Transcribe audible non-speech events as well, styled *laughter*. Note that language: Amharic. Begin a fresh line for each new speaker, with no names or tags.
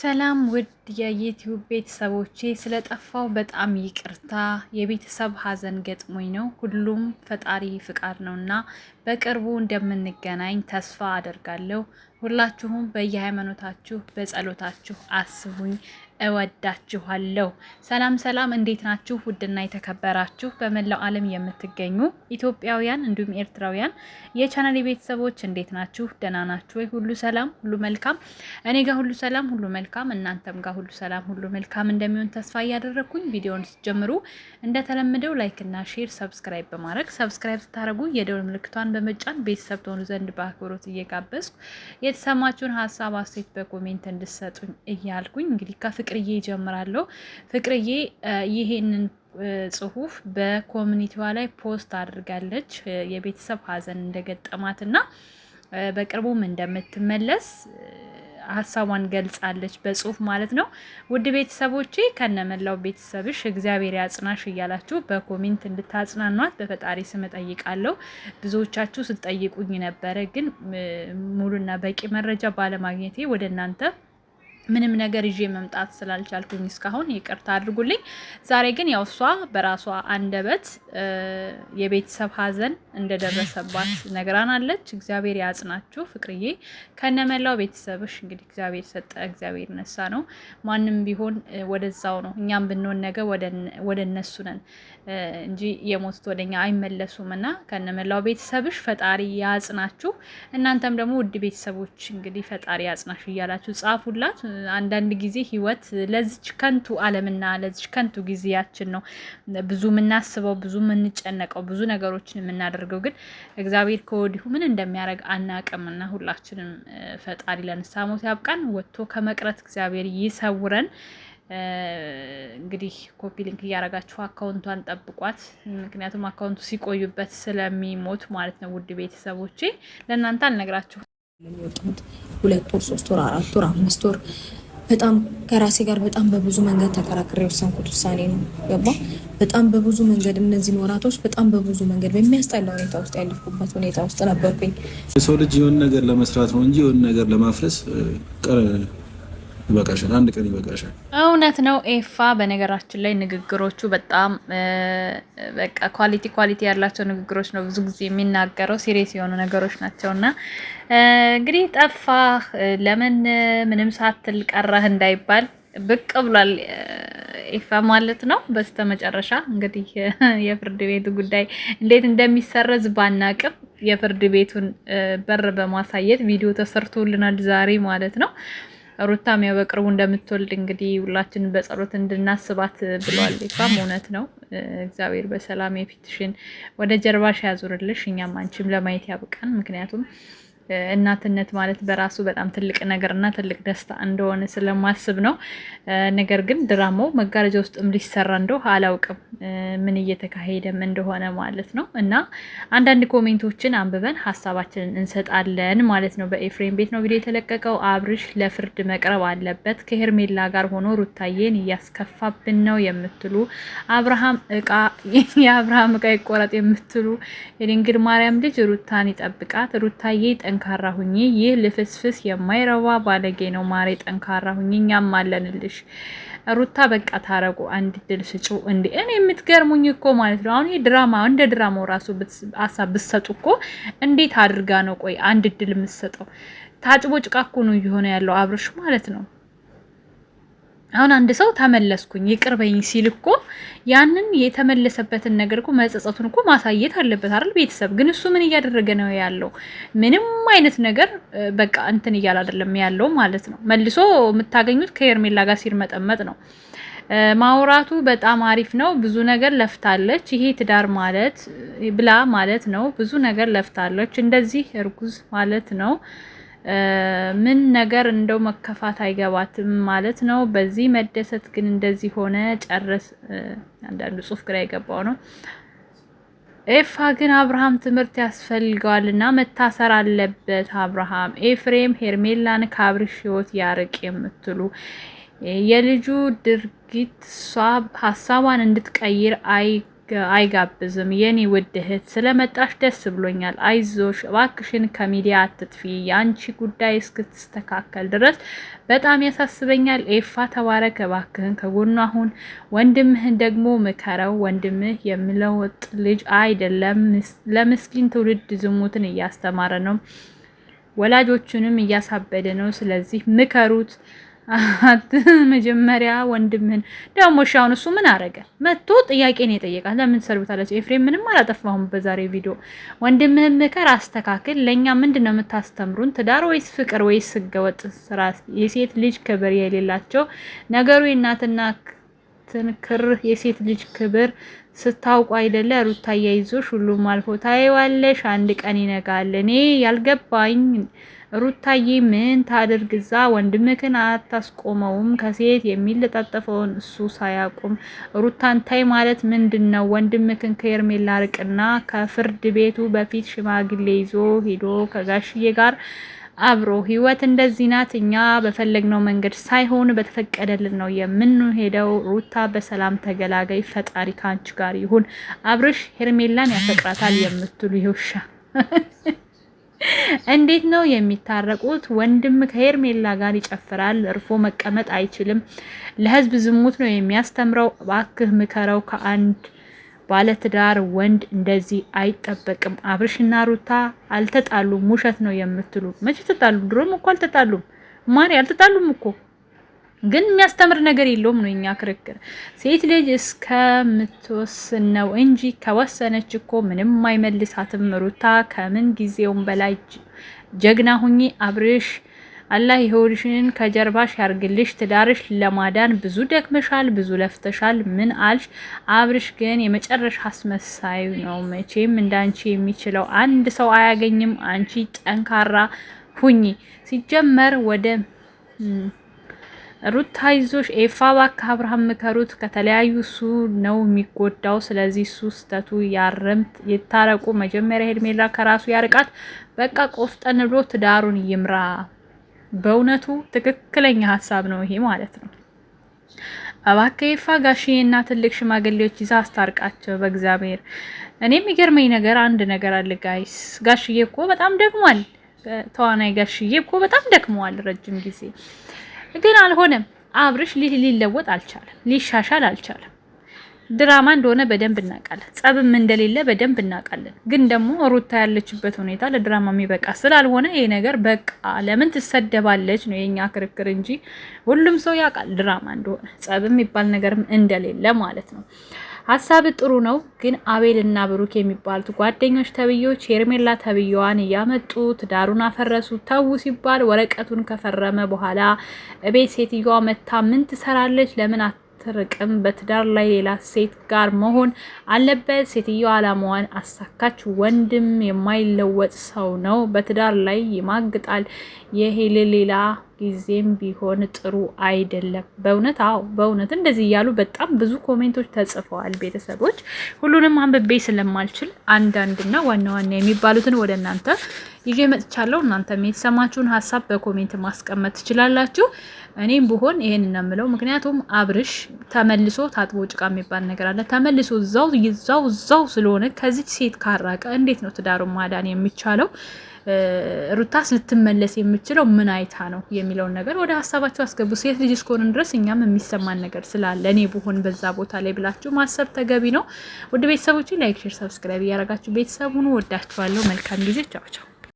ሰላም ውድ የዩቲዩብ ቤተሰቦቼ፣ ስለጠፋው በጣም ይቅርታ። የቤተሰብ ሀዘን ገጥሞኝ ነው። ሁሉም ፈጣሪ ፍቃድ ነው እና በቅርቡ እንደምንገናኝ ተስፋ አደርጋለሁ። ሁላችሁም በየሃይማኖታችሁ በጸሎታችሁ አስቡኝ። እወዳችኋለሁ። ሰላም ሰላም፣ እንዴት ናችሁ? ውድና የተከበራችሁ በመላው ዓለም የምትገኙ ኢትዮጵያውያን እንዲሁም ኤርትራውያን የቻናል ቤተሰቦች እንዴት ናችሁ? ደህና ናችሁ ወይ? ሁሉ ሰላም፣ ሁሉ መልካም። እኔ ጋር ሁሉ ሰላም፣ ሁሉ መልካም። እናንተም ጋር ሁሉ ሰላም፣ ሁሉ መልካም እንደሚሆን ተስፋ እያደረግኩኝ ቪዲዮውን ስትጀምሩ እንደተለመደው ላይክና ሼር፣ ሰብስክራይብ በማድረግ ሰብስክራይብ ስታደርጉ የደውል ምልክቷን በመጫን ቤተሰብ ትሆኑ ዘንድ በአክብሮት እየጋበዝኩ የተሰማችሁን ሀሳብ አስተያየት በኮሜንት እንድሰጡኝ እያልኩኝ እንግዲህ ከፍቅርዬ ይጀምራለሁ። ፍቅርዬ ይሄንን ጽሁፍ በኮሚኒቲዋ ላይ ፖስት አድርጋለች። የቤተሰብ ሀዘን እንደገጠማትና በቅርቡም እንደምትመለስ ሀሳቧን ገልጻለች፣ በጽሁፍ ማለት ነው። ውድ ቤተሰቦቼ ከነመላው ቤተሰብሽ እግዚአብሔር ያጽናሽ እያላችሁ በኮሜንት እንድታጽናኗት በፈጣሪ ስም እጠይቃለሁ። ብዙዎቻችሁ ስትጠይቁኝ ነበረ፣ ግን ሙሉና በቂ መረጃ ባለማግኘቴ ወደ እናንተ ምንም ነገር ይዤ መምጣት ስላልቻልኩኝ እስካሁን ይቅርታ አድርጉልኝ። ዛሬ ግን ያው እሷ በራሷ አንደበት የቤተሰብ ሀዘን እንደደረሰባት ነግራናለች። እግዚአብሔር ያጽናችሁ ፍቅርዬ ከነመላው ቤተሰብሽ። እንግዲህ እግዚአብሔር ሰጠ፣ እግዚአብሔር ነሳ ነው። ማንም ቢሆን ወደዛው ነው። እኛም ብንሆን ነገ ወደ እነሱ ነን እንጂ የሞቱት ወደኛ አይመለሱም እና ከነመላው ቤተሰብሽ ፈጣሪ ያጽናችሁ። እናንተም ደግሞ ውድ ቤተሰቦች እንግዲህ ፈጣሪ ያጽናሽ እያላችሁ ጻፉላት። አንዳንድ ጊዜ ህይወት ለዚች ከንቱ ዓለምና ለዚች ከንቱ ጊዜያችን ነው ብዙ የምናስበው ብዙ የምንጨነቀው ብዙ ነገሮችን የምናደርገው። ግን እግዚአብሔር ከወዲሁ ምን እንደሚያደርግ አናቅምና ሁላችንም ፈጣሪ ለንስሐ ሞት ያብቃን፣ ወጥቶ ከመቅረት እግዚአብሔር ይሰውረን። እንግዲህ ኮፒ ሊንክ እያደረጋችሁ አካውንቷን ጠብቋት። ምክንያቱም አካውንቱ ሲቆዩበት ስለሚሞት ማለት ነው። ውድ ቤተሰቦቼ ለእናንተ አልነግራችሁ
የሚወጡት ሁለት ወር ሶስት ወር አራት ወር አምስት ወር በጣም ከራሴ ጋር በጣም በብዙ መንገድ ተከራክሬ የወሰንኩት ውሳኔ ነው። ገባ በጣም በብዙ መንገድ እነዚህን ወራቶች በጣም በብዙ መንገድ በሚያስጠላ ሁኔታ ውስጥ ያለፍኩበት ሁኔታ ውስጥ ነበርኩኝ።
የሰው ልጅ የሆነ ነገር ለመስራት ነው እንጂ የሆነ ነገር ለማፍረስ ይበቃሻል፣ አንድ ቀን ይበቃሻል።
እውነት ነው ኤፋ። በነገራችን ላይ ንግግሮቹ በጣም በቃ ኳሊቲ ኳሊቲ ያላቸው ንግግሮች ነው ብዙ ጊዜ የሚናገረው፣ ሲሪየስ የሆኑ ነገሮች ናቸው። እና እንግዲህ ጠፋ ለምን ምንም ሳትል ቀረህ እንዳይባል ብቅ ብሏል ኤፋ ማለት ነው። በስተመጨረሻ እንግዲህ የፍርድ ቤቱ ጉዳይ እንዴት እንደሚሰረዝ ባናቅም የፍርድ ቤቱን በር በማሳየት ቪዲዮ ተሰርቶልናል ዛሬ ማለት ነው። ሩታም ያው በቅርቡ እንደምትወልድ እንግዲህ ሁላችንን በጸሎት እንድናስባት ብሏል። ይፋም እውነት ነው። እግዚአብሔር በሰላም የፊትሽን ወደ ጀርባሽ ያዙርልሽ፣ እኛም አንቺም ለማየት ያብቃን። ምክንያቱም እናትነት ማለት በራሱ በጣም ትልቅ ነገር እና ትልቅ ደስታ እንደሆነ ስለማስብ ነው። ነገር ግን ድራማው መጋረጃ ውስጥም ሊሰራ እንደው አላውቅም ምን እየተካሄደም እንደሆነ ማለት ነው። እና አንዳንድ ኮሜንቶችን አንብበን ሀሳባችንን እንሰጣለን ማለት ነው። በኤፍሬም ቤት ነው ቪዲዮ የተለቀቀው። አብርሽ ለፍርድ መቅረብ አለበት፣ ከሄርሜላ ጋር ሆኖ ሩታዬን እያስከፋብን ነው የምትሉ አብርሃም እቃ *laughs* የአብርሃም እቃ ይቆረጥ የምትሉ የድንግል ማርያም ልጅ ሩታን ይጠብቃት ሩታዬ ጠንካራ ሁኚ። ይህ ልፍስፍስ የማይረባ ባለጌ ነው። ማሬ ጠንካራ ሁኚ፣ እኛም አለንልሽ። ሩታ በቃ ታረቁ፣ አንድ ድል ስጩ። እንዲ እኔ የምትገርሙኝ እኮ ማለት ነው አሁን ድራማ እንደ ድራማው ራሱ ሀሳብ ብትሰጡ እኮ እንዴት አድርጋ ነው ቆይ አንድ ድል የምትሰጠው? ታጭቦ ጭቃ እኮ ነው እየሆነ ያለው አብርሽ ማለት ነው። አሁን አንድ ሰው ተመለስኩኝ ይቅርበኝ ሲል እኮ ያንን የተመለሰበትን ነገር እኮ መጸጸቱን እኮ ማሳየት አለበት አይደል? ቤተሰብ ግን እሱ ምን እያደረገ ነው ያለው? ምንም አይነት ነገር በቃ እንትን እያለ አይደለም ያለው ማለት ነው። መልሶ የምታገኙት ከሄርሜላ ጋር ሲርመጠመጥ ነው። ማውራቱ በጣም አሪፍ ነው። ብዙ ነገር ለፍታለች። ይሄ ትዳር ማለት ብላ ማለት ነው። ብዙ ነገር ለፍታለች። እንደዚህ እርጉዝ ማለት ነው። ምን ነገር እንደው መከፋት አይገባትም ማለት ነው። በዚህ መደሰት ግን እንደዚህ ሆነ ጨረስ። አንዳንዱ ጽሁፍ ግራ የገባው ነው። ኤፋ ግን አብርሃም ትምህርት ያስፈልገዋል እና መታሰር አለበት። አብርሃም ኤፍሬም ሄርሜላን ከአብርሽ ህይወት ያርቅ የምትሉ የልጁ ድርጊት እሷ ሀሳቧን እንድትቀይር አይ አይጋብዝም። የኔ ውድ እህት ስለመጣሽ ደስ ብሎኛል። አይዞሽ፣ እባክሽን ከሚዲያ አትጥፊ። የአንቺ ጉዳይ እስክትስተካከል ድረስ በጣም ያሳስበኛል። ኤፋ ተባረክ፣ እባክህን ከጎኑ አሁን። ወንድምህን ደግሞ ምከረው። ወንድምህ የሚለወጥ ልጅ አይደለም። ለምስኪን ትውልድ ዝሙትን እያስተማረ ነው፣ ወላጆቹንም እያሳበደ ነው። ስለዚህ ምከሩት። መጀመሪያ ወንድምህን ደግሞ ሻውን እሱ ምን አረገ? መቶ ጥያቄን የጠየቃት ለምን ትሰርብታለች? ኤፍሬም ምንም አላጠፋሁም። በዛሬ ቪዲዮ ወንድምህን ምከር፣ አስተካክል። ለእኛ ምንድን ነው የምታስተምሩን? ትዳር ወይስ ፍቅር ወይስ ህገወጥ ስራ? የሴት ልጅ ክብር የሌላቸው ነገሩ የእናትና ክር የሴት ልጅ ክብር ስታውቁ አይደለ ሩታ እያይዞሽ ሁሉም አልፎ ታይዋለሽ። አንድ ቀን ይነጋል። እኔ ያልገባኝ ሩታዬ ምን ታድርግ? እዛ ወንድምክን አታስቆመውም? ከሴት የሚለጣጠፈውን እሱ ሳያቁም ሩታን ታይ ማለት ምንድን ነው? ወንድምክን ከኤርሜላ ርቅና ከፍርድ ቤቱ በፊት ሽማግሌ ይዞ ሄዶ ከጋሽዬ ጋር አብሮ ህይወት እንደዚህ ናት። እኛ በፈለግነው መንገድ ሳይሆን በተፈቀደልን ነው የምንሄደው። ሩታ በሰላም ተገላገይ፣ ፈጣሪ ከአንቺ ጋር ይሁን። አብርሽ ሄርሜላን ያፈቅራታል የምትሉ ይውሻ፣ *laughs* እንዴት ነው የሚታረቁት? ወንድም ከሄርሜላ ጋር ይጨፍራል፣ እርፎ መቀመጥ አይችልም። ለህዝብ ዝሙት ነው የሚያስተምረው። እባክህ ምከረው ከአንድ ባለትዳር ወንድ እንደዚህ አይጠበቅም። አብርሽና ሩታ አልተጣሉም ውሸት ነው የምትሉ መቼ ተጣሉ? ድሮም እኮ አልተጣሉም። ማሪ አልተጣሉም እኮ ግን የሚያስተምር ነገር የለውም ነው የኛ ክርክር። ሴት ልጅ እስከምትወስን ነው እንጂ ከወሰነች እኮ ምንም አይመልሳትም። ሩታ ከምን ጊዜውም በላይ ጀግና ሁኚ አብርሽ አላህ የሆድሽን ከጀርባሽ ያርግልሽ። ትዳርሽ ለማዳን ብዙ ደክመሻል፣ ብዙ ለፍተሻል። ምን አልሽ? አብርሽ ግን የመጨረሻ አስመሳይ ነው። መቼም እንዳንቺ የሚችለው አንድ ሰው አያገኝም። አንቺ ጠንካራ ሁኚ። ሲጀመር ወደ ሩታ ይዞሽ ኤፋ እባክህ አብርሃም ምከሩት። ከተለያዩ እሱ ነው የሚጎዳው። ስለዚህ እሱ ስተቱ ያረምት የታረቁ መጀመሪያ ሄድሜላ ከራሱ ያርቃት። በቃ ቆፍጠን ብሎ ትዳሩን ይምራ። በእውነቱ ትክክለኛ ሀሳብ ነው ይሄ ማለት ነው። እባክህ ይፋ እና ትልቅ ሽማግሌዎች ይዛ አስታርቃቸው በእግዚአብሔር። እኔ የሚገርመኝ ነገር አንድ ነገር አለ ጋይስ፣ ጋሽዬ እኮ በጣም ደክሟል። ተዋናይ ጋሽዬ እኮ በጣም ደክመዋል። ረጅም ጊዜ ግን አልሆነም። አብርሽ ሊለወጥ አልቻለም፣ ሊሻሻል አልቻለም። ድራማ እንደሆነ በደንብ እናውቃለን። ጸብም እንደሌለ በደንብ እናውቃለን። ግን ደግሞ ሩታ ያለችበት ሁኔታ ለድራማ የሚበቃ ስላልሆነ ይሄ ነገር በቃ ለምን ትሰደባለች ነው የኛ ክርክር እንጂ ሁሉም ሰው ያውቃል ድራማ እንደሆነ ጸብ የሚባል ነገርም እንደሌለ ማለት ነው። ሀሳብ ጥሩ ነው፣ ግን አቤል እና ብሩክ የሚባሉት ጓደኞች ተብዬዎች ሄርሜላ ተብዬዋን እያመጡ ትዳሩን አፈረሱ ተዉ ሲባል ወረቀቱን ከፈረመ በኋላ እቤት ሴትዮዋ መታ ምን ትሰራለች ለምን አትርቅም። በትዳር ላይ ሌላ ሴት ጋር መሆን አለበት። ሴትዮ አላማዋን አሳካች። ወንድም የማይለወጥ ሰው ነው። በትዳር ላይ ይማግጣል። ይሄ ሌላ ጊዜም ቢሆን ጥሩ አይደለም። በእውነት አዎ፣ በእውነት እንደዚህ እያሉ በጣም ብዙ ኮሜንቶች ተጽፈዋል። ቤተሰቦች ሁሉንም አንብቤ ስለማልችል አንዳንድና ዋና ዋና የሚባሉትን ወደ እናንተ ይዤ መጥቻለሁ። እናንተም የተሰማችሁን ሀሳብ በኮሜንት ማስቀመጥ ትችላላችሁ። እኔም ብሆን ይሄን ነው የምለው። ምክንያቱም አብርሽ ተመልሶ ታጥቦ ጭቃ የሚባል ነገር አለ። ተመልሶ እዛው ይዛው እዛው ስለሆነ ከዚች ሴት ካራቀ እንዴት ነው ትዳሩን ማዳን የሚቻለው? ሩታስ ልትመለስ የምችለው ምን አይታ ነው የሚለውን ነገር ወደ ሀሳባችሁ አስገቡ። ሴት ልጅ እስከሆንን ድረስ እኛም የሚሰማን ነገር ስላለ እኔ ብሆን በዛ ቦታ ላይ ብላችሁ ማሰብ ተገቢ ነው። ውድ ቤተሰቦች ላይክ፣ ሼር፣ ሰብስክራይብ እያረጋችሁ ቤተሰቡን ወዳችኋለሁ። መልካም ጊዜ። ቻው ቻው።